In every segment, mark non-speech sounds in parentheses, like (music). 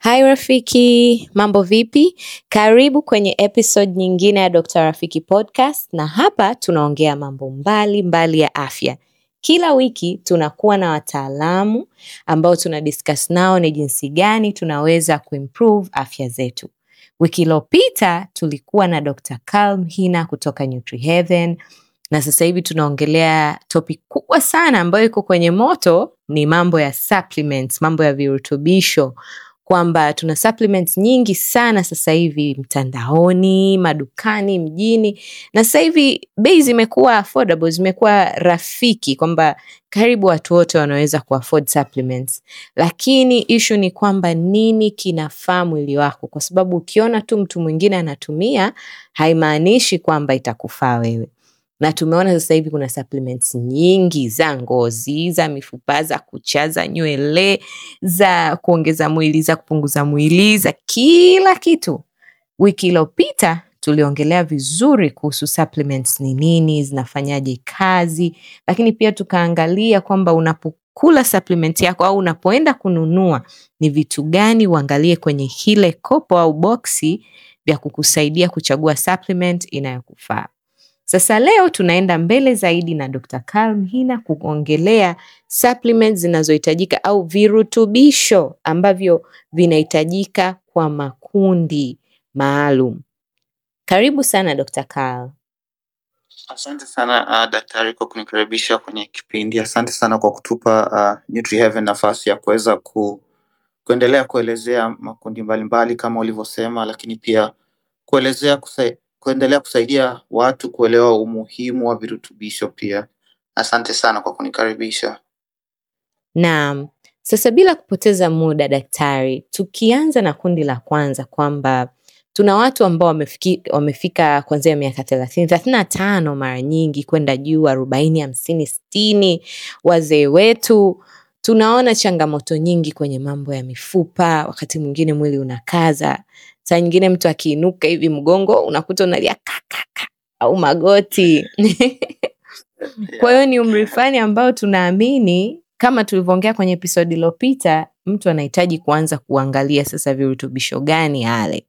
Hai rafiki, mambo vipi? Karibu kwenye episode nyingine ya Dr. Rafiki Podcast na hapa tunaongea mambo mbalimbali mbali ya afya. Kila wiki tunakuwa na wataalamu ambao tuna diskas nao ni jinsi gani tunaweza kuimprove afya zetu. Wiki iliopita tulikuwa na Dr. calm Mhina kutoka NutriHeaven na sasa hivi tunaongelea topi kubwa sana ambayo iko kwenye moto, ni mambo ya supplements, mambo ya virutubisho kwamba tuna supplements nyingi sana sasa hivi mtandaoni, madukani, mjini, na sasa hivi bei zimekuwa affordable, zimekuwa rafiki kwamba karibu watu wote wanaweza kuafford supplements, lakini ishu ni kwamba nini kinafaa mwili wako, kwa sababu ukiona tu mtu mwingine anatumia haimaanishi kwamba itakufaa wewe na tumeona sasa hivi kuna supplements nyingi za ngozi za mifupa za kucha za nywele za kuongeza mwili za kupunguza mwili za kila kitu wiki iliyopita tuliongelea vizuri kuhusu supplements ni nini zinafanyaje kazi lakini pia tukaangalia kwamba unapokula supplement yako au unapoenda kununua ni vitu gani uangalie kwenye hile kopo au boksi vya kukusaidia kuchagua supplement inayokufaa sasa leo tunaenda mbele zaidi na Dr. Carl Mhina kuongelea supplements zinazohitajika au virutubisho ambavyo vinahitajika kwa makundi maalum. Karibu sana Dr. Carl. Asante sana uh, daktari kwa kunikaribisha kwenye kipindi. Asante sana kwa kutupa uh, NutriHeaven nafasi ya kuweza ku, kuendelea kuelezea makundi mbalimbali mbali, kama ulivyosema, lakini pia kuelezea kuendelea kusaidia watu kuelewa umuhimu wa virutubisho pia. Asante sana kwa kunikaribisha. Naam. Sasa bila kupoteza muda daktari, tukianza na kundi la kwanza kwamba tuna watu ambao wamefiki, wamefika kuanzia miaka thelathini thelathini na tano mara nyingi kwenda juu arobaini hamsini sitini wazee wetu tunaona changamoto nyingi kwenye mambo ya mifupa, wakati mwingine mwili unakaza saa nyingine mtu akiinuka hivi mgongo unakuta unalia kakaka au magoti (laughs) kwa hiyo ni umri fani ambao tunaamini kama tulivyoongea kwenye episodi iliopita mtu anahitaji kuanza kuangalia sasa virutubisho gani ale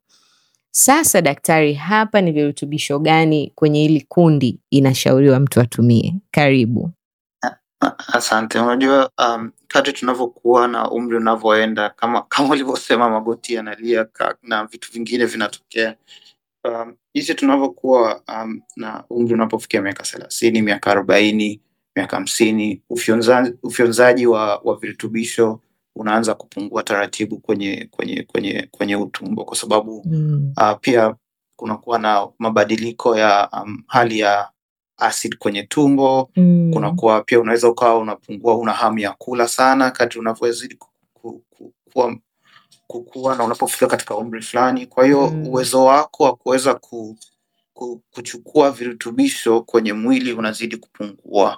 sasa daktari hapa ni virutubisho gani kwenye hili kundi inashauriwa mtu atumie karibu Asante, unajua, um, kadri tunavyokuwa na umri unavyoenda, kama (laughs) kama ulivyosema, magoti yanalia na vitu vingine vinatokea. Um, tunavyokuwa um, na umri unapofikia miaka thelathini, miaka arobaini, miaka hamsini, ufyonza, ufyonzaji wa, wa virutubisho unaanza kupungua taratibu kwenye kwenye kwenye kwenye utumbo kwa sababu Mm. uh, pia kunakuwa na mabadiliko ya um, hali ya acid kwenye tumbo mm. Kunakuwa pia unaweza ukawa unapungua, una hamu ya kula sana kadri unavyozidi kukua, kukua na unapofika katika umri fulani. Kwa hiyo mm. uwezo wako wa kuweza ku, ku, kuchukua virutubisho kwenye mwili unazidi kupungua.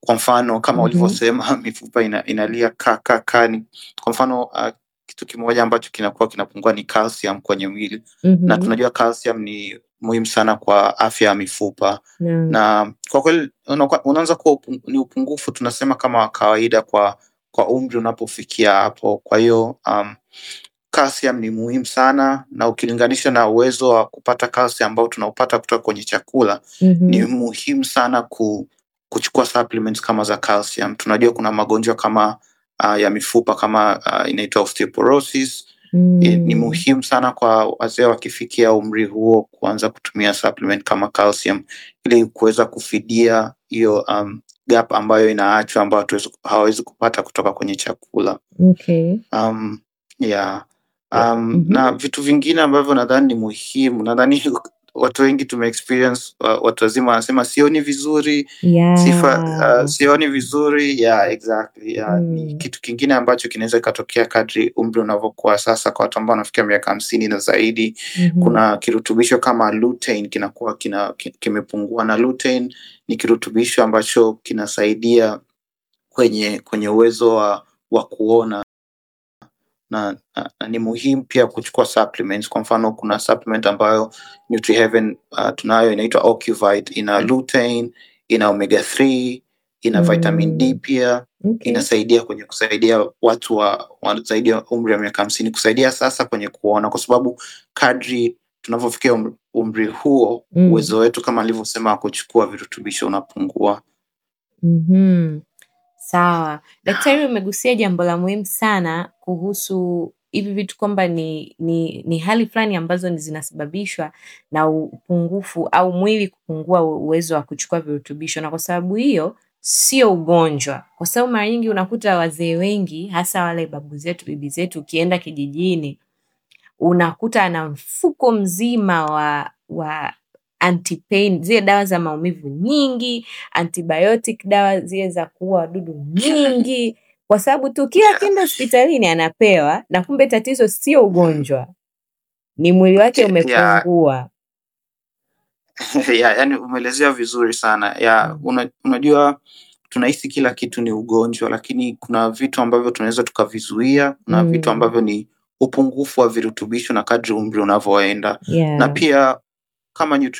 Kwa mfano kama mm -hmm. ulivyosema mifupa ina, inalia kakakani. Kwa mfano uh, kitu kimoja ambacho kinakuwa kinapungua ni calcium kwenye mwili mm -hmm. na mm-hmm. tunajua calcium ni muhimu sana kwa afya ya mifupa yeah. na kwa kweli unaanza kuwa ni upungufu tunasema kama kawaida kwa kwa umri unapofikia hapo. Kwa hiyo um, calcium ni muhimu sana, na ukilinganisha na uwezo wa kupata calcium ambao tunaupata kutoka kwenye chakula mm -hmm. ni muhimu sana ku, kuchukua supplements kama za calcium. Tunajua kuna magonjwa kama uh, ya mifupa kama uh, inaitwa osteoporosis mm. E, ni muhimu sana kwa wazee wakifikia umri huo kuanza kutumia supplement kama calcium ili kuweza kufidia hiyo um, gap ambayo inaachwa ambayo hawawezi kupata kutoka kwenye chakula okay. um, yeah. Um, yeah. mm -hmm. na vitu vingine ambavyo nadhani ni muhimu nadhani watu wengi tume uh, watu wazima wanasema sioni vizuri yeah. sifa uh, sioni vizuri yeah, exactly yeah. Mm. ni kitu kingine ambacho kinaweza ikatokea kadri umri unavyokuwa sasa kwa watu ambao wanafikia miaka hamsini na zaidi mm-hmm. kuna kirutubisho kama lutein kinakuwa kina, kimepungua na lutein ni kirutubisho ambacho kinasaidia kwenye kwenye uwezo wa wa kuona na, na, na ni muhimu pia kuchukua supplements. Kwa mfano kuna supplement ambayo Nutri Heaven uh, tunayo inaitwa Ocuvite, ina mm. lutein, ina omega 3 ina mm. vitamin D pia okay. Inasaidia kwenye kusaidia watu wa, wa zaidi ya umri wa miaka hamsini kusaidia sasa kwenye kuona, kwa sababu kadri tunavyofikia umri, umri huo mm. uwezo wetu kama alivyosema wa kuchukua virutubisho unapungua. mm -hmm. Sawa. (sighs) Daktari umegusia jambo la muhimu sana kuhusu hivi vitu kwamba ni ni ni hali fulani ambazo ni zinasababishwa na upungufu au mwili kupungua uwezo wa kuchukua virutubisho na kwa sababu hiyo sio ugonjwa, kwa sababu mara nyingi unakuta wazee wengi hasa wale babu zetu, bibi zetu, ukienda kijijini unakuta ana mfuko mzima wa wa antipain zile dawa za maumivu nyingi, antibiotic dawa zile za kuua wadudu nyingi, (laughs) kwa sababu tu kila kindo hospitalini anapewa, na kumbe tatizo sio ugonjwa, ni mwili wake umepungua. (laughs) ya, yani umeelezea vizuri sana yeah. unajua tunahisi kila kitu ni ugonjwa, lakini kuna vitu ambavyo tunaweza tukavizuia na mm. vitu hmm. ambavyo ni upungufu wa virutubisho na kadri umri unavyoenda yeah. na pia kama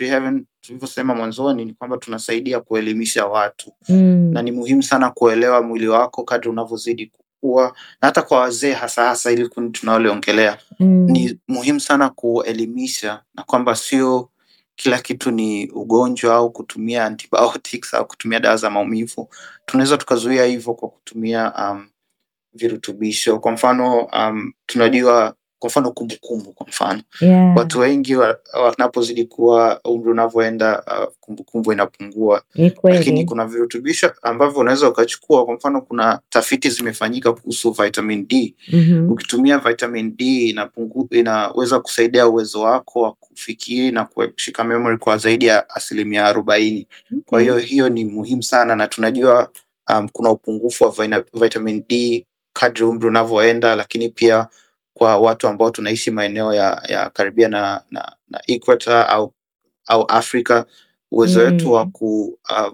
tulivyosema mwanzoni ni kwamba tunasaidia kuelimisha watu mm. na ni muhimu sana kuelewa mwili wako kadri unavyozidi kukua, na hata kwa wazee hasa hasa ili kundi tunaoliongelea mm. ni muhimu sana kuelimisha na kwamba sio kila kitu ni ugonjwa au kutumia antibiotics au kutumia dawa za maumivu. Tunaweza tukazuia hivyo kwa kutumia um, virutubisho. Kwa mfano um, tunajua kwa mfano kumbukumbu, kwa mfano yeah. Watu wengi wanapozidi wa kuwa umri unavyoenda uh, kumbukumbu uh, inapungua, lakini kuna virutubisho ambavyo unaweza ukachukua. Kwa mfano, kuna tafiti zimefanyika kuhusu vitamin D mm -hmm. Ukitumia vitamin D inapungu, inaweza kusaidia uwezo wako wa kufikiri na kushika memory kwa zaidi ya asilimia arobaini. mm -hmm. Kwa hiyo hiyo ni muhimu sana na tunajua um, kuna upungufu wa vitamin D kadri umri unavyoenda, lakini pia kwa watu ambao tunaishi maeneo ya, ya karibia na, na, na equator au, au Afrika uwezo wetu mm. wa ku uh,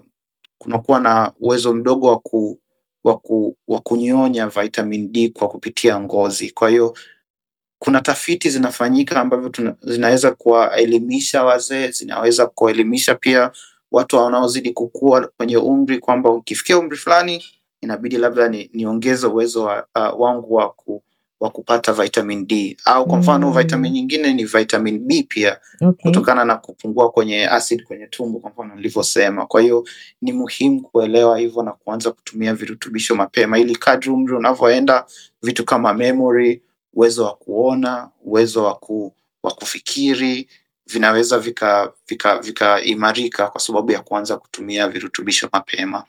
kunakuwa na uwezo mdogo wa ku, wa, kunyonya vitamin D kwa kupitia ngozi. Kwa hiyo kuna tafiti zinafanyika ambavyo zinaweza kuwaelimisha wazee, zinaweza kuwaelimisha pia watu wanaozidi kukua kwenye umri kwamba ukifikia umri fulani inabidi labda niongeze ni uwezo wa, uh, wangu wa ku, wa kupata vitamin D au kwa mfano mm. vitamin nyingine ni vitamin B pia okay. kutokana na kupungua kwenye acid kwenye tumbo kwa mfano nilivyosema. Kwa hiyo ni muhimu kuelewa hivyo na kuanza kutumia virutubisho mapema, ili kadri umri unavyoenda vitu kama memory, uwezo wa kuona, uwezo wa ku, wa kufikiri vinaweza vikaimarika vika kwa sababu ya kuanza kutumia virutubisho mapema.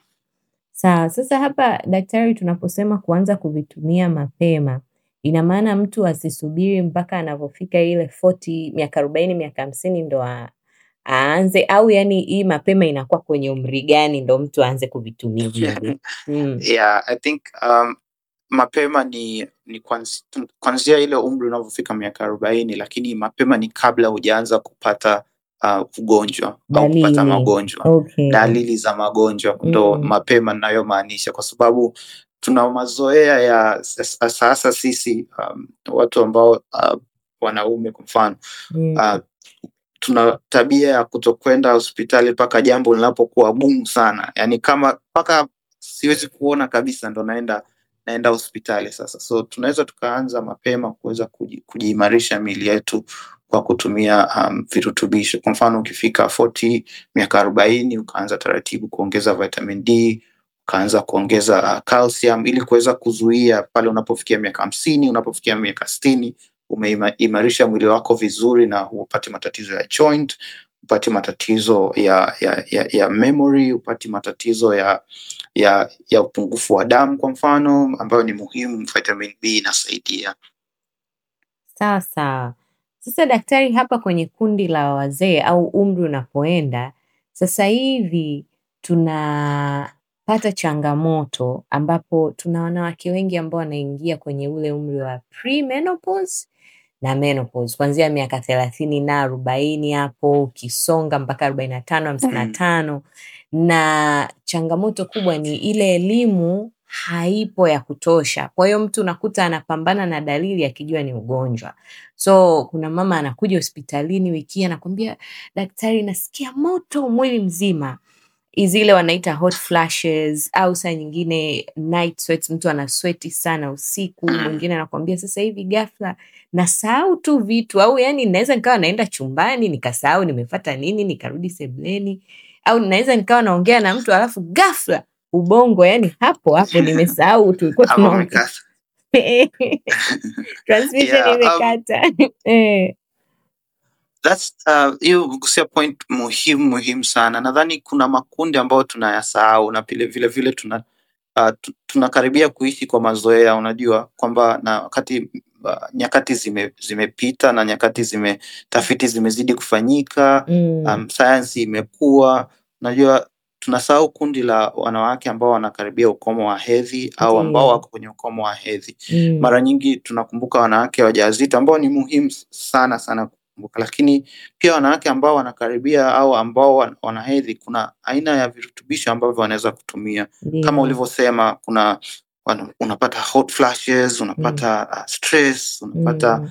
Sawa. Sasa hapa daktari, tunaposema kuanza kuvitumia mapema Ina maana mtu asisubiri mpaka anavyofika ile 40, miaka 40, miaka 50 ndo aanze au yani hii mapema inakuwa kwenye umri gani ndo mtu aanze kuvitumia hivi? Mm. Yeah, I think um, mapema ni, ni kwanzia ile umri unavyofika miaka arobaini, lakini mapema ni kabla hujaanza kupata uh, ugonjwa au kupata magonjwa okay. Dalili za magonjwa ndo mm. mapema nayomaanisha kwa sababu tuna mazoea ya sasa sisi um, watu ambao uh, wanaume kwa mfano mm. uh, tuna tabia ya kutokwenda hospitali mpaka jambo linapokuwa gumu sana, yani kama mpaka siwezi kuona kabisa ndo naenda naenda hospitali sasa. So tunaweza tukaanza mapema kuweza kujiimarisha miili yetu kwa kutumia um, virutubisho. Kwa mfano ukifika 40 miaka arobaini ukaanza taratibu kuongeza vitamin D ukaanza kuongeza uh, calcium ili kuweza kuzuia pale unapofikia miaka hamsini, unapofikia miaka sitini, umeimarisha mwili wako vizuri na upate matatizo ya joint, upate matatizo ya, ya, ya, ya memory, upate matatizo ya, ya, ya upungufu wa damu kwa mfano, ambayo ni muhimu. Vitamin B inasaidia. Sasa sasa, daktari, hapa kwenye kundi la wazee au umri unapoenda sasa hivi tuna pata changamoto ambapo tuna wanawake wengi ambao wanaingia kwenye ule umri wa premenopause na menopause kuanzia miaka thelathini na arobaini hapo ukisonga mpaka arobaini na tano hamsini na mm. tano na changamoto kubwa ni ile elimu haipo ya kutosha. Kwa hiyo mtu unakuta anapambana na dalili akijua ni ugonjwa. So kuna mama anakuja hospitalini wikii anakwambia daktari, nasikia moto mwili mzima, zile wanaita hot flashes au saa nyingine night sweats, mtu anasweti sana usiku, mm. mwingine anakuambia sasa hivi ghafla nasahau tu vitu, au yani naweza nikawa naenda chumbani nikasahau nimepata nini, nikarudi sebleni, au naweza nikawa naongea na mtu alafu ghafla ubongo, yani hapo hapo nimesahau tulikuwa tunaongea (laughs) transmission um, imekata. (laughs) Eh that's uh, gusia point muhimu muhimu sana. Nadhani kuna makundi ambayo tunayasahau na pile vile vile tuna uh, tunakaribia kuishi kwa mazoea, unajua kwamba na wakati uh, nyakati zime, zimepita na nyakati zime tafiti zimezidi kufanyika mm. Um, sayansi imekuwa, unajua tunasahau kundi la wanawake ambao wanakaribia ukomo wa hedhi au ambao wako kwenye ukomo wa hedhi mm. Mara nyingi tunakumbuka wanawake wajawazito ambao ni muhimu sana sana kukumbuka. Lakini pia wanawake ambao wanakaribia au ambao wanahedhi, kuna aina ya virutubisho ambavyo wanaweza kutumia Ndiyo. kama ulivyosema, kuna unapata hot flashes, unapata mm. uh, stress, unapata mm.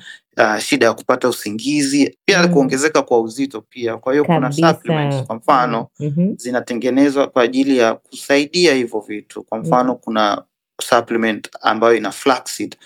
uh, shida ya kupata usingizi pia mm. kuongezeka kwa uzito pia. Kwa hiyo kuna supplements kwa mfano mm -hmm. zinatengenezwa kwa ajili ya kusaidia hivyo vitu. Kwa mfano mm. kuna supplement ambayo ina flaxseed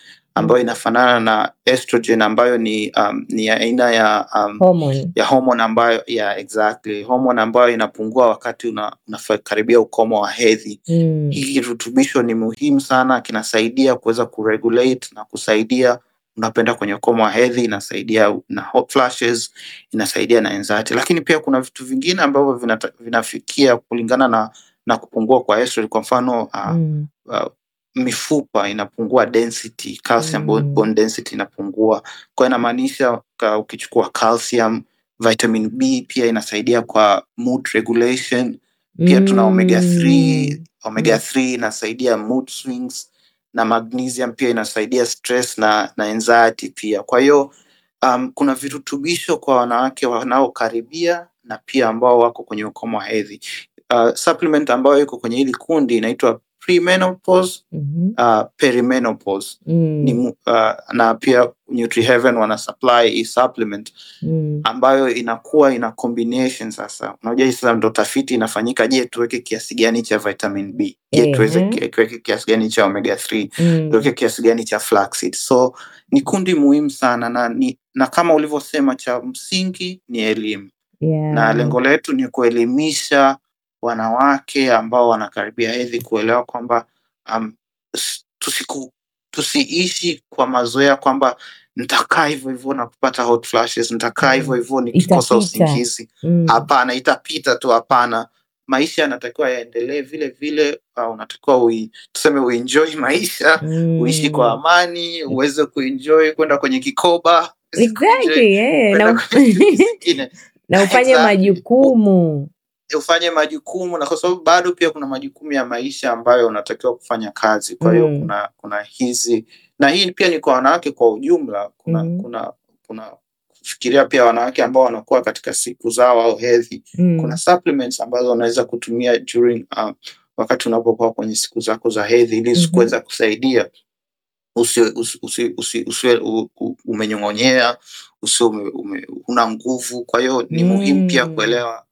ambayo inafanana na estrogen ambayo ni um, ni aina ya um, hormone. ya hormone ambayo ya exactly hormone ambayo inapungua wakati una, unakaribia ukomo wa hedhi mm. hii kirutubisho ni muhimu sana, kinasaidia kuweza kuregulate na kusaidia unapenda kwenye ukomo wa hedhi, inasaidia na hot flashes, inasaidia na anxiety, lakini pia kuna vitu vingine ambavyo vinafikia kulingana na na kupungua kwa estrogen kwa mfano uh, mm. uh, mifupa inapungua density, calcium mm. bone density inapungua. Kwa inamaanisha ukichukua calcium, vitamin B pia inasaidia kwa mood regulation. Pia mm. tuna omega 3, omega 3 mm. inasaidia mood swings na magnesium pia inasaidia stress na, na anxiety pia. Kwa hiyo um, kuna virutubisho kwa wanawake wanaokaribia na pia ambao wako kwenye ukomo wa hedhi. Uh, supplement ambayo iko kwenye hili kundi inaitwa premenopause mm-hmm. uh, perimenopause mm. ni, uh, na pia nutriheaven wana supply hii supplement mm. ambayo inakuwa ina combination sasa unajua sasa ndo tafiti inafanyika je tuweke kiasi gani cha vitamin b je mm-hmm. tuweze tuweke kiasi gani cha omega 3 mm. tuweke kiasi gani cha flaxseed so ni kundi muhimu sana na, ni, na kama ulivyosema cha msingi ni elimu yeah. na lengo letu ni kuelimisha wanawake ambao wanakaribia hedhi kuelewa kwamba um, tusiku, tusiishi kwa mazoea kwamba nitakaa hivyo hivyo na kupata hot flashes, nitakaa hivyo hivyo nikikosa usingizi. Mm. Hapana, mm. itapita tu. Hapana, maisha yanatakiwa yaendelee vile vile. Uh, unatakiwa ui, tuseme uinjoi maisha mm. uishi kwa amani, uweze kuinjoi kwenda kwenye kikoba exactly, yeah. na, (laughs) na ufanye majukumu ufanye majukumu na kwa sababu bado pia kuna majukumu ya maisha ambayo unatakiwa kufanya kazi. Kwa hiyo mm. kuna kuna hizi na hii pia ni kwa wanawake kwa ujumla, kuna mm. kuna kuna fikiria pia wanawake ambao wanakuwa katika siku zao au hedhi mm. kuna supplements ambazo unaweza kutumia during uh, wakati unapokuwa kwenye siku zako za hedhi ili zikuweza mm-hmm. mm -hmm. kusaidia usiwe usi, usi, usi, usi, umenyong'onyea usiwe una nguvu. Kwa hiyo ni mm. muhimu pia mm. kuelewa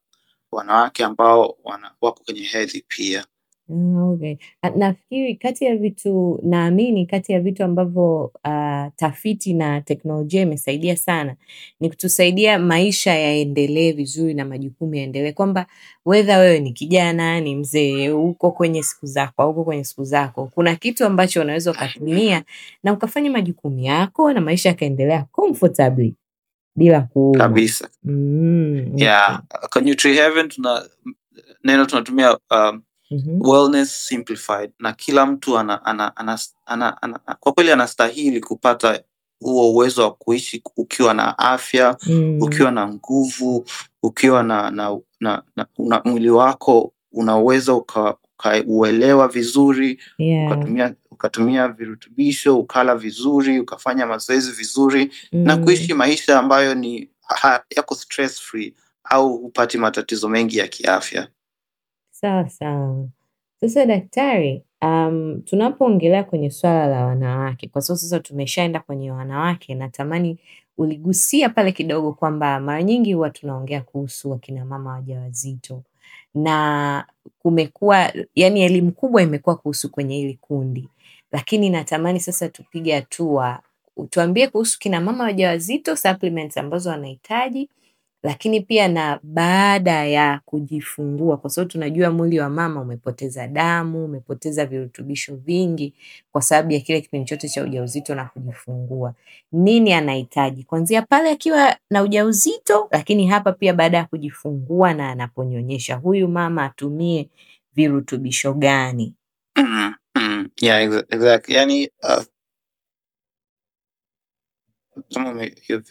wanawake ambao wana, wako kwenye hedhi pia. Mm, okay. Nafikiri kati ya vitu naamini, kati ya vitu ambavyo uh, tafiti na teknolojia imesaidia sana ni kutusaidia maisha yaendelee vizuri na majukumu yaendelee, kwamba wedha wewe ni kijana, ni mzee, uko kwenye siku zako auko kwenye siku zako, kuna kitu ambacho unaweza ukatumia na ukafanya majukumu yako na maisha yakaendelea comfortably bila kabisa. mm, okay. yeah. kwenye Tree Heaven tuna neno tunatumia um, Mm -hmm. Wellness simplified na kila mtu ana, ana, ana, ana, ana, ana, kwa kweli anastahili kupata huo uwezo wa kuishi ukiwa na afya mm -hmm. ukiwa na nguvu ukiwa na, na, na, na, na mwili wako unaweza ukauelewa uka vizuri yeah. ukatumia ukatumia virutubisho, ukala vizuri, ukafanya mazoezi vizuri mm. na kuishi maisha ambayo ni yako stress free au hupati matatizo mengi ya kiafya. Sawa sawa. Sasa daktari, um, tunapoongelea kwenye swala la wanawake, kwa sababu sasa tumeshaenda kwenye wanawake, natamani uligusia pale kidogo kwamba mara nyingi huwa tunaongea kuhusu wakina mama wajawazito na kumekuwa yani elimu kubwa imekuwa kuhusu kwenye hili kundi lakini natamani sasa tupige hatua. Tuambie kuhusu kina mama wajawazito supplements ambazo wanahitaji, lakini pia na baada ya kujifungua, kwa sababu tunajua mwili wa mama umepoteza damu, umepoteza virutubisho vingi kwa sababu ya kile kipindi chote cha ujauzito na kujifungua. Nini anahitaji kwanzia pale akiwa na ujauzito, lakini hapa pia baada ya kujifungua na anaponyonyesha, huyu mama atumie virutubisho gani? (clears throat) yeah ex- exactly uh,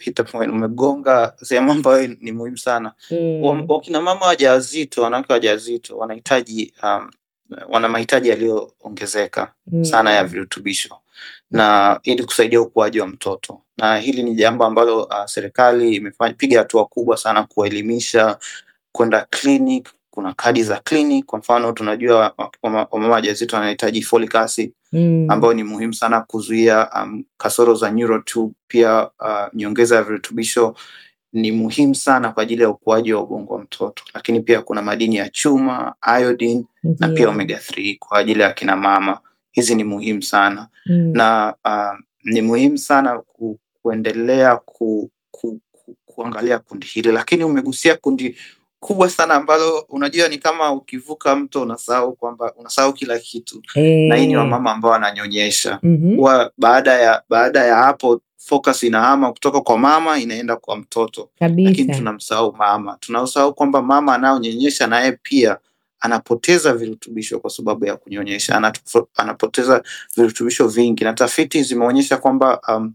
hit the point umegonga sehemu ambayo ni muhimu sana mm. wakina mama wajawazito wanawake wajawazito wanahitaji um, wana mahitaji yaliyoongezeka mm. sana ya virutubisho na ili kusaidia ukuaji wa mtoto na hili ni jambo ambalo uh, serikali imepiga hatua kubwa sana kuwaelimisha kwenda clinic kuna kadi za klini. Kwa mfano tunajua wamama wajawazito wanahitaji folic acid mm. ambayo ni muhimu sana kuzuia um, kasoro za neural Pia uh, nyongeza ya virutubisho ni muhimu sana kwa ajili ya ukuaji wa ubongo wa mtoto, lakini pia kuna madini ya chuma, iodine yeah. na pia omega 3 kwa ajili ya kina mama. Hizi ni muhimu sana mm. na uh, ni muhimu sana ku, kuendelea ku, ku, ku, kuangalia kundi hili, lakini umegusia kundi kubwa sana ambalo unajua ni kama ukivuka mto unasahau kwamba unasahau kila kitu hey. Na hii ni eh. wamama ambao wananyonyesha mm -hmm. Huwa baada ya baada ya hapo focus inahama kutoka kwa mama inaenda kwa mtoto kabisa, lakini tunamsahau mama, tunasahau kwamba mama anayonyonyesha naye pia anapoteza virutubisho kwa sababu ya kunyonyesha, anapoteza virutubisho vingi, na tafiti zimeonyesha kwamba um,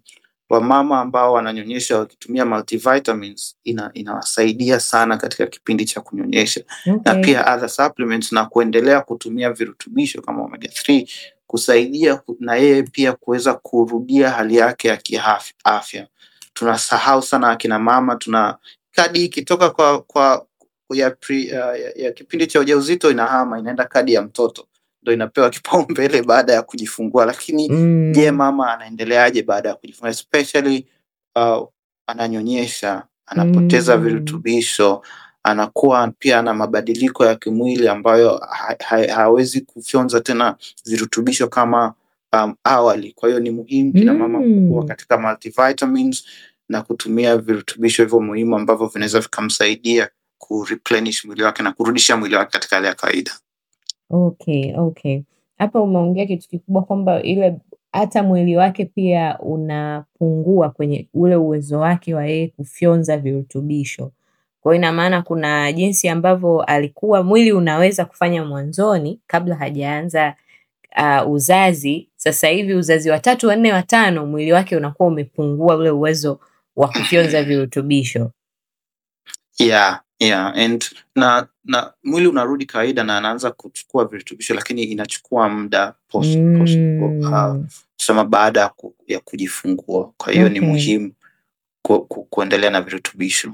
wamama ambao wananyonyesha wakitumia multivitamins ina, inawasaidia sana katika kipindi cha kunyonyesha okay. Na pia other supplements na kuendelea kutumia virutubisho kama omega 3 kusaidia na yeye pia kuweza kurudia hali yake ya kiafya. Tunasahau sana akina mama, tuna kadi ikitoka kwa, kwa ya, pri, uh, ya, ya kipindi cha ujauzito inahama inaenda kadi ya mtoto ndo inapewa kipaumbele baada ya kujifungua, lakini mm. mama anaendeleaje baada ya kujifungua especially uh, ananyonyesha, anapoteza mm. virutubisho, anakuwa pia na mabadiliko ya kimwili ambayo ha ha hawezi kufyonza tena virutubisho kama um, awali. Kwa hiyo ni muhimu kina mm. mama kuwa katika multivitamins na kutumia virutubisho hivyo muhimu ambavyo vinaweza vikamsaidia kuplenish mwili wake na kurudisha mwili wake katika hali ya kawaida. Okay, okay. Hapa umeongea kitu kikubwa kwamba ile hata mwili wake pia unapungua kwenye ule uwezo wake wa yeye kufyonza virutubisho. Kwa ina maana kuna jinsi ambavyo alikuwa mwili unaweza kufanya mwanzoni kabla hajaanza uh, uzazi. Sasa hivi uzazi wa tatu, wanne watano mwili wake unakuwa umepungua ule uwezo wa kufyonza virutubisho yeah, yeah. And na na mwili unarudi kawaida na anaanza kuchukua virutubisho lakini inachukua muda kusema mm. uh, baada ya kujifungua kwa hiyo okay. ni muhimu ku, ku, kuendelea na virutubisho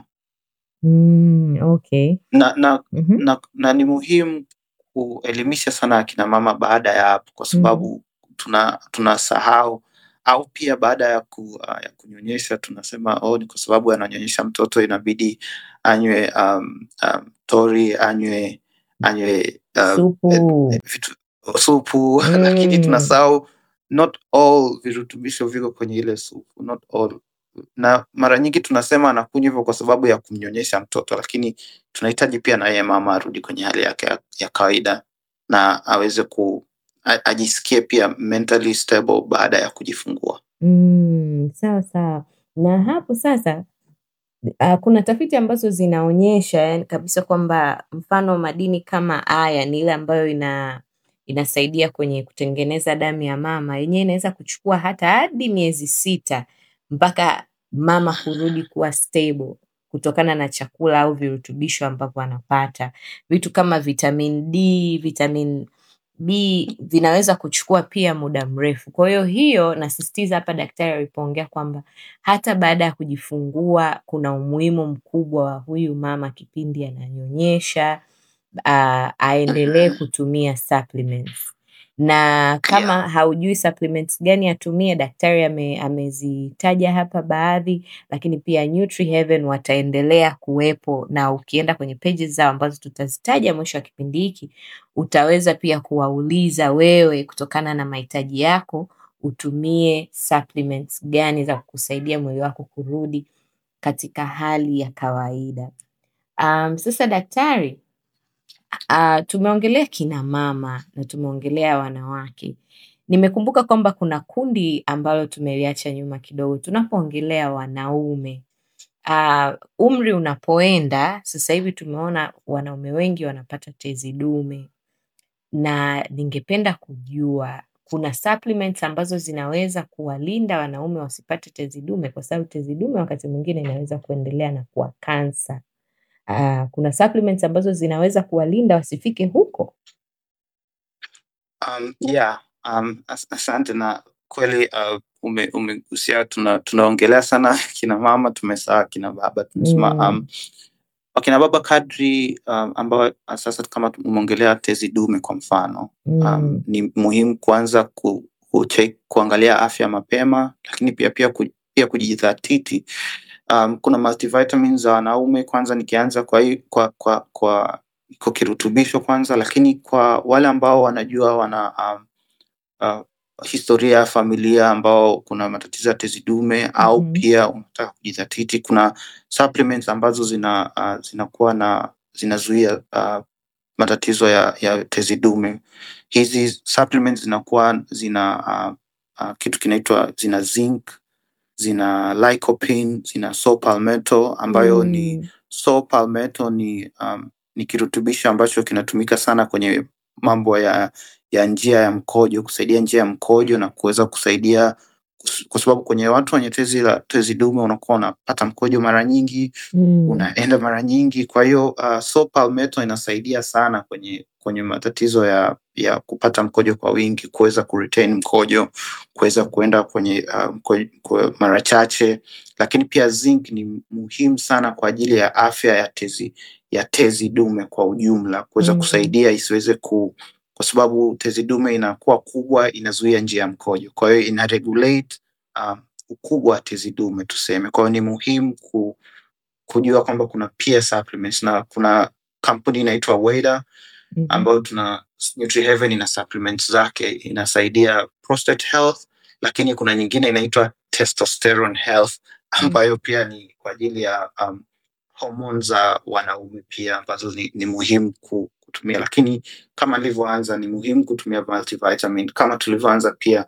mm, okay. na, na, mm-hmm. na, na ni muhimu kuelimisha sana akina mama baada ya hapo kwa sababu mm. tuna au pia baada ya, ku, ah, ya kunyonyesha tunasema oh, ni kwa sababu ananyonyesha mtoto inabidi anywe um, um, tori anywe anywe um, supu, e, supu. (laughs) Mm. lakini tunasahau not all virutubisho viko kwenye ile supu not all na mara nyingi tunasema anakunywa hivyo kwa sababu ya kumnyonyesha mtoto, lakini tunahitaji pia na yeye mama arudi kwenye hali yake ya, ya kawaida na aweze ku, ajisikie pia mentally stable baada ya kujifungua. Mm, sawa sawa. Na hapo sasa uh, kuna tafiti ambazo zinaonyesha yani kabisa kwamba mfano madini kama aya ni ile ambayo ina inasaidia kwenye kutengeneza damu ya mama yenyewe inaweza kuchukua hata hadi miezi sita mpaka mama kurudi kuwa stable kutokana na chakula au virutubisho ambavyo anapata vitu kama vitamin D, vitamin B vinaweza kuchukua pia muda mrefu. Kwa hiyo hiyo nasisitiza hapa daktari alipoongea kwamba hata baada ya kujifungua kuna umuhimu mkubwa wa huyu mama kipindi ananyonyesha, uh, aendelee kutumia supplements na kama yeah. haujui supplements gani atumie, daktari ame, amezitaja hapa baadhi, lakini pia Nutri Heaven wataendelea kuwepo, na ukienda kwenye peji zao ambazo tutazitaja mwisho wa kipindi hiki, utaweza pia kuwauliza wewe, kutokana na mahitaji yako, utumie supplements gani za kukusaidia mwili wako kurudi katika hali ya kawaida. Um, sasa daktari Uh, tumeongelea kina mama na tumeongelea wanawake. Nimekumbuka kwamba kuna kundi ambalo tumeliacha nyuma kidogo tunapoongelea wanaume. Uh, umri unapoenda sasa hivi tumeona wanaume wengi wanapata tezi dume, na ningependa kujua kuna supplements ambazo zinaweza kuwalinda wanaume wasipate tezi dume, kwa sababu tezi dume wakati mwingine inaweza kuendelea na kuwa kansa uh, kuna supplements ambazo zinaweza kuwalinda wasifike huko? Um, yeah, um, as asante na kweli uh, ume, umegusia tuna, tunaongelea sana (laughs) kina mama tumesaa kina baba tumesema mm. um, wakina baba kadri um, ambao uh, sasa kama umeongelea tezi dume kwa mfano um, mm. um, ni muhimu kuanza ku, ku check, kuangalia afya mapema lakini pia pia, ku, pia kujidhatiti Um, kuna multivitamins za wanaume kwanza, nikianza kwa, kwa, kwa, kwa, kwa kirutubisho kwanza, lakini kwa wale ambao wanajua wana um, uh, historia ya familia ambao kuna matatizo ya tezi dume mm -hmm. au mm-hmm. pia unataka kujidhatiti, kuna supplements ambazo zina uh, zinakuwa na zinazuia uh, matatizo ya, ya tezi dume. Hizi supplements zinakuwa zina uh, uh, kitu kinaitwa zina zinc zina lycopene, zina saw-palmetto ambayo mm. ni saw-palmetto ni, um, ni kirutubisho ambacho kinatumika sana kwenye mambo ya, ya njia ya mkojo kusaidia njia ya mkojo na kuweza kusaidia kwa sababu kwenye watu wenye tezi la tezi dume unakuwa unapata mkojo mara nyingi mm. unaenda mara nyingi. Kwa hiyo uh, so palmetto inasaidia sana kwenye kwenye matatizo ya ya kupata mkojo kwa wingi, kuweza ku mkojo, kuweza kuenda kwenye uh, mkojo, mara chache. Lakini pia zinc ni muhimu sana kwa ajili ya afya ya tezi ya tezi dume kwa ujumla, kuweza mm. kusaidia isiweze ku kwa sababu tezi dume inakuwa kubwa, inazuia njia ya mkojo, kwa hiyo ina regulate uh, ukubwa wa tezi dume tuseme. Kwa hiyo ni muhimu ku, kujua kwamba kuna pia supplements na kuna kampuni inaitwa Weda mm -hmm. ambayo tuna Heaven ina supplements zake inasaidia prostate health, lakini kuna nyingine inaitwa testosterone health ambayo mm -hmm. pia ni kwa ajili ya um, homoni za wanaume pia ambazo ni, ni muhimu ku, kutumia, lakini kama nilivyoanza, ni muhimu kutumia multivitamin. Kama tulivyoanza, pia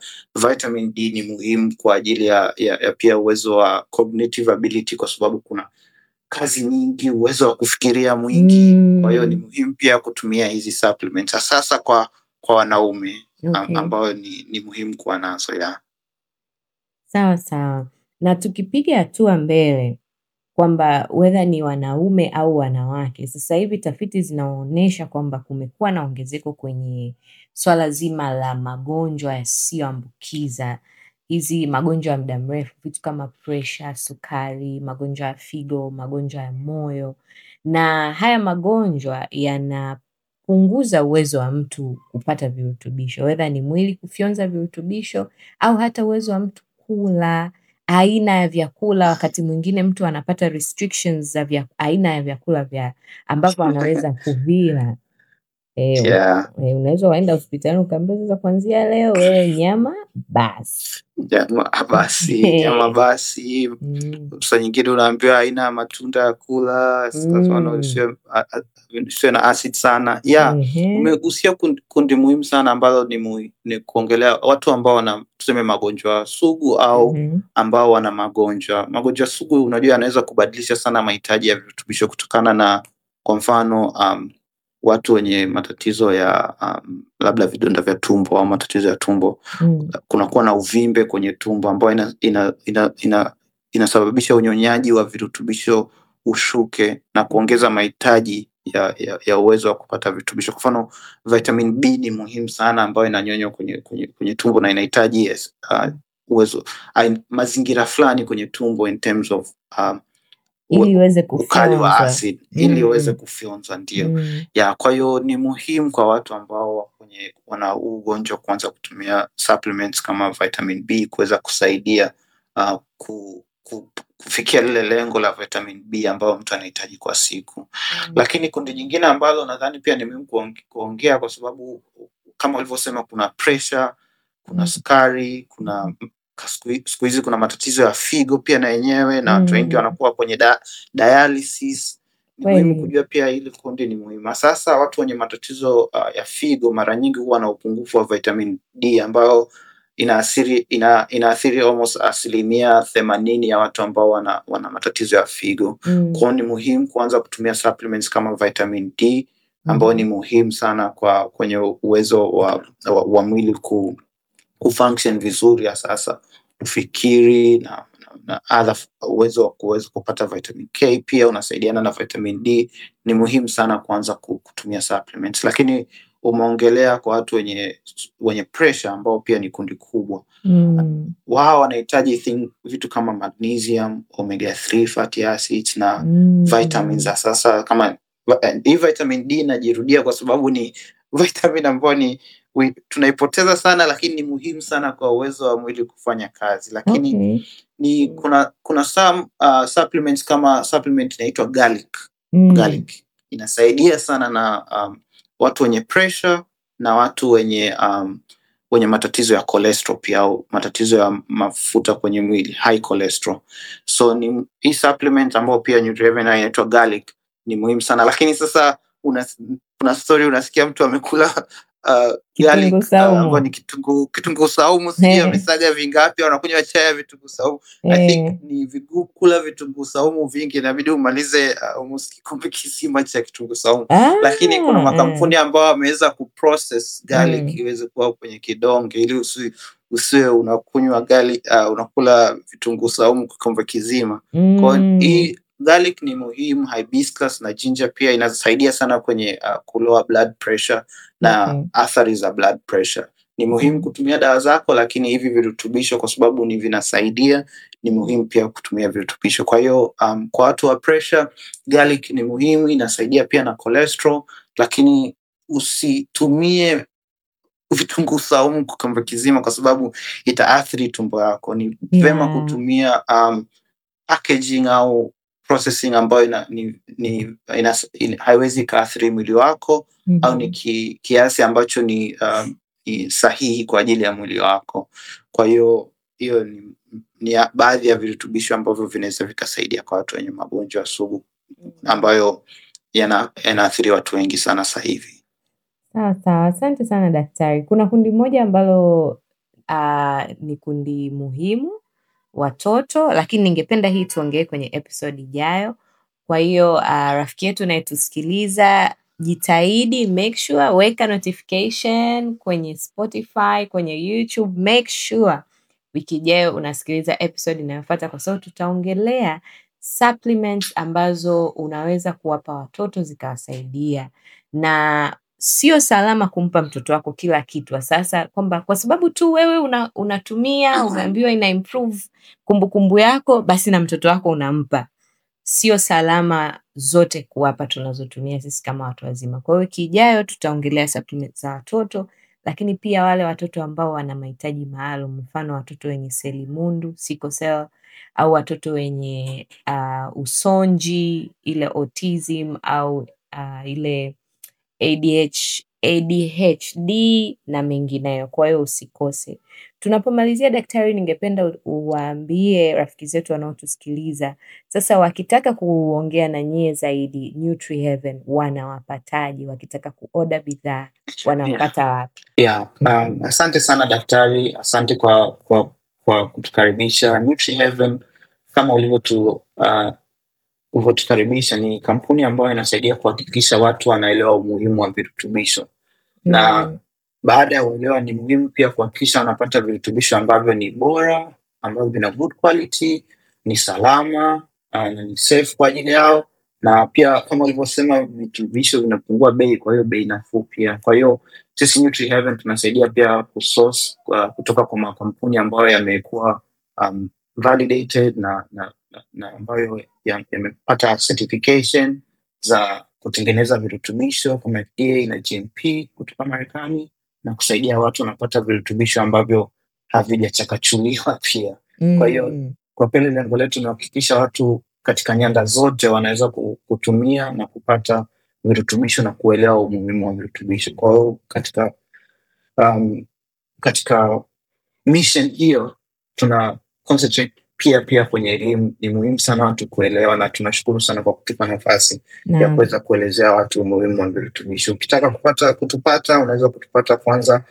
vitamin D ni muhimu kwa ajili ya, ya, ya pia uwezo wa cognitive ability, kwa sababu kuna kazi nyingi, uwezo wa kufikiria mwingi mm. Kwa hiyo ni mm. muhimu pia kutumia hizi supplements sasa kwa, kwa wanaume okay. Ambayo ni, ni muhimu kuwa nazo ya sawa sawa, na tukipiga hatua mbele kwamba whether ni wanaume au wanawake. Sasa hivi tafiti zinaonyesha kwamba kumekuwa na ongezeko kwenye swala zima la magonjwa yasiyoambukiza, hizi magonjwa ya muda mrefu, vitu kama presha, sukari, magonjwa ya figo, magonjwa ya moyo, na haya magonjwa yanapunguza uwezo wa mtu kupata virutubisho, whether ni mwili kufyonza virutubisho au hata uwezo wa mtu kula aina ya vyakula. Wakati mwingine mtu anapata restrictions za vya aina ya vyakula vya ambavyo anaweza (laughs) kuvila eh, yeah. Eh, unaweza waenda hospitali ukaambia sasa, leo wewe nyama basi, basi, (laughs) nyama basi. mm. nyingine unaambiwa aina ya matunda ya kula mm. sio na acid sana yeah. mm -hmm. Umegusia kundi, kundi muhimu sana ambalo ni, ni kuongelea watu ambao wana tuseme magonjwa sugu au mm -hmm. ambao wana magonjwa magonjwa sugu, unajua yanaweza kubadilisha sana mahitaji ya virutubisho kutokana na kwa mfano um, watu wenye matatizo ya um, labda vidonda vya tumbo au matatizo ya tumbo mm. kunakuwa na uvimbe kwenye tumbo ambayo ina, ina, ina, ina, inasababisha unyonyaji wa virutubisho ushuke na kuongeza mahitaji ya, ya, ya uwezo wa kupata virutubisho. Kwa mfano vitamin B ni muhimu sana, ambayo inanyonywa kwenye, kwenye, kwenye tumbo na inahitaji yes, uh, uwezo uh, mazingira fulani kwenye tumbo in terms of um, ili uweze ukali wa asidi ili uweze mm. kufyonza ndio mm. ya kwa hiyo ni muhimu kwa watu ambao wenye wana ugonjwa kuanza kutumia supplements kama vitamin b kuweza kusaidia uh, ku, ku, kufikia lile lengo la vitamin b ambayo mtu anahitaji kwa siku mm. lakini kundi nyingine ambalo nadhani pia ni muhimu kuongea kwa sababu kama ulivyosema kuna pressure kuna mm. sukari kuna siku hizi kuna matatizo ya figo pia na yenyewe na watu wengi mm. wanakuwa kwenye da, dialysis. muhimu kujua pia hili kundi ni muhimu. Sasa watu wenye matatizo uh, ya figo mara nyingi huwa na upungufu wa vitamin D ambayo inaathiri ina, inaathiri almost asilimia themanini ya watu ambao wana, wana matatizo ya figo mm. Kwao ni muhimu kuanza kutumia supplements kama vitamin D ambayo mm. ni muhimu sana kwa kwenye uwezo wa, wa, wa mwili ku, kufunction vizuri ya sasa ufikiri na na adha uwezo wa kuweza kupata vitamin K pia unasaidiana na vitamin D. Ni muhimu sana kuanza kutumia supplements, lakini umeongelea kwa watu wenye wenye pressure ambao pia ni kundi kubwa mm. Wao wanahitaji vitu kama magnesium, omega 3 fatty acids na mm. vitamins za sasa kama eh, hii vitamin D inajirudia kwa sababu ni (laughs) vitamin ambayo ni tunaipoteza sana, lakini ni muhimu sana kwa uwezo wa mwili kufanya kazi, lakini okay. ni kuna kuna some, uh, supplements kama supplement inaitwa garlic. Mm. Garlic inasaidia sana na um, watu wenye pressure na watu wenye um, wenye matatizo ya cholesterol pia au matatizo ya mafuta kwenye mwili high cholesterol. So ni hii supplement ambayo pia Nutrihaven inaitwa garlic ni muhimu sana, lakini sasa una, una story unasikia mtu amekula Uh, uh, ni kitunguu saumu amesaga eh. vingapi wanakunywa chai ya vitunguu saumu eh. ni viguu kula vitunguu saumu vingi inabidi umalize uh, kikombe kizima cha kitunguu saumu ah, lakini kuna eh. makampuni ambao wameweza ku gali mm. iweze kuwa kwenye kidonge ili usi, usiwe unakunywa gali uh, unakula vitunguu saumu kikombe kizima mm. kwao hii Garlic ni muhimu, hibiscus na ginger pia inasaidia sana kwenye uh, kuloa blood pressure na -hmm. athari za blood pressure. Ni muhimu kutumia dawa zako, lakini hivi virutubisho kwa sababu ni vinasaidia, ni muhimu pia kutumia virutubisho. Kwa hiyo um, kwa watu wa pressure, garlic ni muhimu, inasaidia pia na cholesterol, lakini usitumie vitunguu saumu kikombe kizima kwa sababu itaathiri tumbo yako. Ni yeah. vema kutumia um, packaging au processing ambayo ina, ni, ni, ina, in, haiwezi ikaathiri mwili wako mm -hmm. au ni ki, kiasi ambacho ni, uh, ni sahihi kwa ajili ya mwili wako kwa hiyo hiyo ni, ni baadhi ya virutubisho ambavyo vinaweza vikasaidia kwa watu wenye magonjwa sugu ambayo yanaathiri yana watu wengi sana sahivi sawa sawa asante sana daktari kuna kundi moja ambalo uh, ni kundi muhimu watoto, lakini ningependa hii tuongee kwenye episode ijayo. Kwa hiyo uh, rafiki yetu unayetusikiliza jitahidi, make sure weka notification kwenye Spotify, kwenye YouTube, make sure wiki ijayo unasikiliza episode inayofata kwa sababu tutaongelea supplements ambazo unaweza kuwapa watoto zikawasaidia na sio salama kumpa mtoto wako kila kitu sasa kwamba kwa sababu tu wewe una, unatumia unaambiwa ina improve kumbukumbu yako basi na mtoto wako unampa sio salama zote kuwapa tunazotumia sisi kama watu wazima kwa hiyo kijayo tutaongelea supplements za watoto lakini pia wale watoto ambao wana mahitaji maalum mfano watoto wenye selimundu sikosel au watoto wenye uh, usonji ile autism au uh, ile ADH, ADHD na mengineyo. Kwa hiyo usikose. Tunapomalizia daktari, ningependa uwaambie rafiki zetu wanaotusikiliza sasa, wakitaka kuongea na nyie zaidi, Nutri Heaven wanawapataje? Wakitaka kuoda bidhaa wanawapata wapi? Yeah. Um, asante sana daktari, asante kwa kwa, kwa kutukaribisha Nutri Heaven. Kama ulivyotu uh, Hutukaribisha ni kampuni ambayo inasaidia kuhakikisha watu wanaelewa umuhimu wa virutubisho na mm. baada ya uelewa, ni muhimu pia kuhakikisha wanapata virutubisho ambavyo ni bora, ambavyo vina good quality, ni salama na ni safe kwa ajili yao, na pia kama ulivyosema, virutubisho vinapungua bei, kwa hiyo bei nafuu pia. Kwa hiyo sisi Nutri Heaven tunasaidia pia kusource uh, kutoka kwa makampuni ambayo yamekuwa um, validated na, na na ambayo yamepata certification za kutengeneza virutubisho kama FDA na GMP kutoka Marekani na kusaidia watu wanapata virutubisho ambavyo havijachakachuliwa pia. Mm. Kwa hiyo kwa pele, lengo letu ni kuhakikisha watu katika nyanda zote wanaweza kutumia na kupata virutubisho na kuelewa umuhimu wa virutubisho. Kwa hiyo katika, um, katika mission hiyo tuna concentrate pia pia kwenye elimu ni muhimu sana watu kuelewa, na tunashukuru sana kwa kutupa nafasi ya kuweza kuelezea watu umuhimu wa virutubishi. Ukitaka kupata kutupata, unaweza kutupata kwanza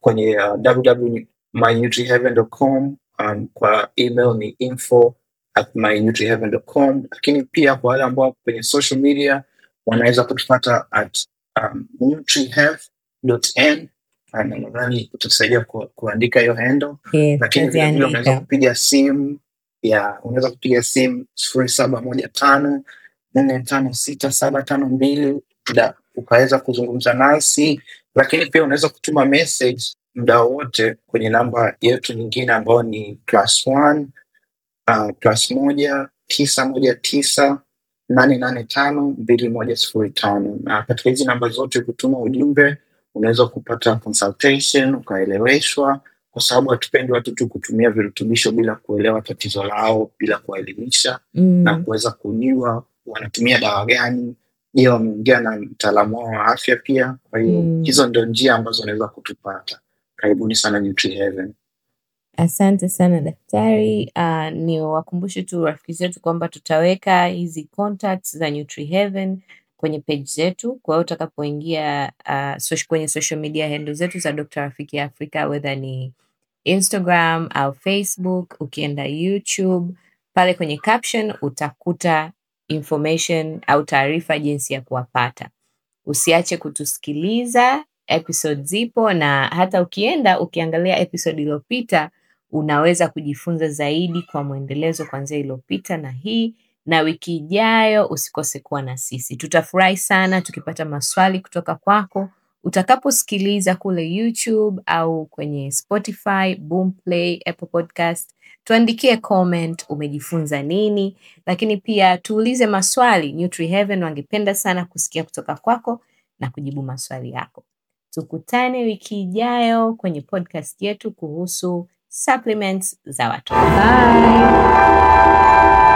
kwenye uh, www.mynutriheaven.com um, kwa email ni info at mynutriheaven.com, lakini pia kwa wale ambao wako kwenye social media wanaweza kutupata at um, nutriheav.n nadhani utasaidia kuandika hiyo hendo, lakini vilevile unaweza kupiga simu ya unaweza kupiga simu sifuri saba moja tano nne tano sita saba tano mbili da ukaweza kuzungumza nasi lakini pia unaweza kutuma message muda wowote kwenye namba yetu nyingine ambayo ni plus one, uh, plus moja tisa moja tisa nane nane tano mbili moja sifuri tano na katika hizi namba zote kutuma ujumbe unaweza kupata consultation ukaeleweshwa kwa sababu hatupendi watu tu kutumia virutubisho bila kuelewa tatizo lao, bila kuwaelimisha mm. na kuweza kujua wanatumia dawa gani, je, wameingia na mtaalamu wao wa afya pia. Kwa hiyo mm. hizo ndio njia ambazo wanaweza kutupata. Karibuni sana Asante sana daktari. Uh, ah, ni wakumbushe tu rafiki zetu kwamba tutaweka hizi contacts za kwenye page zetu. Kwa hiyo utakapoingia uh, kwenye social media handle zetu za Dr. Rafiki Africa, whether ni Instagram au Facebook, ukienda YouTube pale kwenye caption utakuta information au taarifa jinsi ya kuwapata. Usiache kutusikiliza, episode zipo, na hata ukienda ukiangalia episode iliyopita unaweza kujifunza zaidi kwa mwendelezo kuanzia iliyopita na hii na wiki ijayo usikose kuwa na sisi. Tutafurahi sana tukipata maswali kutoka kwako utakaposikiliza kule YouTube au kwenye Spotify, Boomplay, Apple Podcast. Tuandikie comment, umejifunza nini? Lakini pia tuulize maswali. Heaven wangependa sana kusikia kutoka kwako na kujibu maswali yako. Tukutane wiki ijayo kwenye podcast yetu kuhusu supplements za watoto. Bye.